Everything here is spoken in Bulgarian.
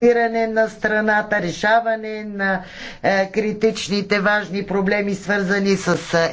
стабилизиране на страната, решаване на е, критичните важни проблеми, свързани с е,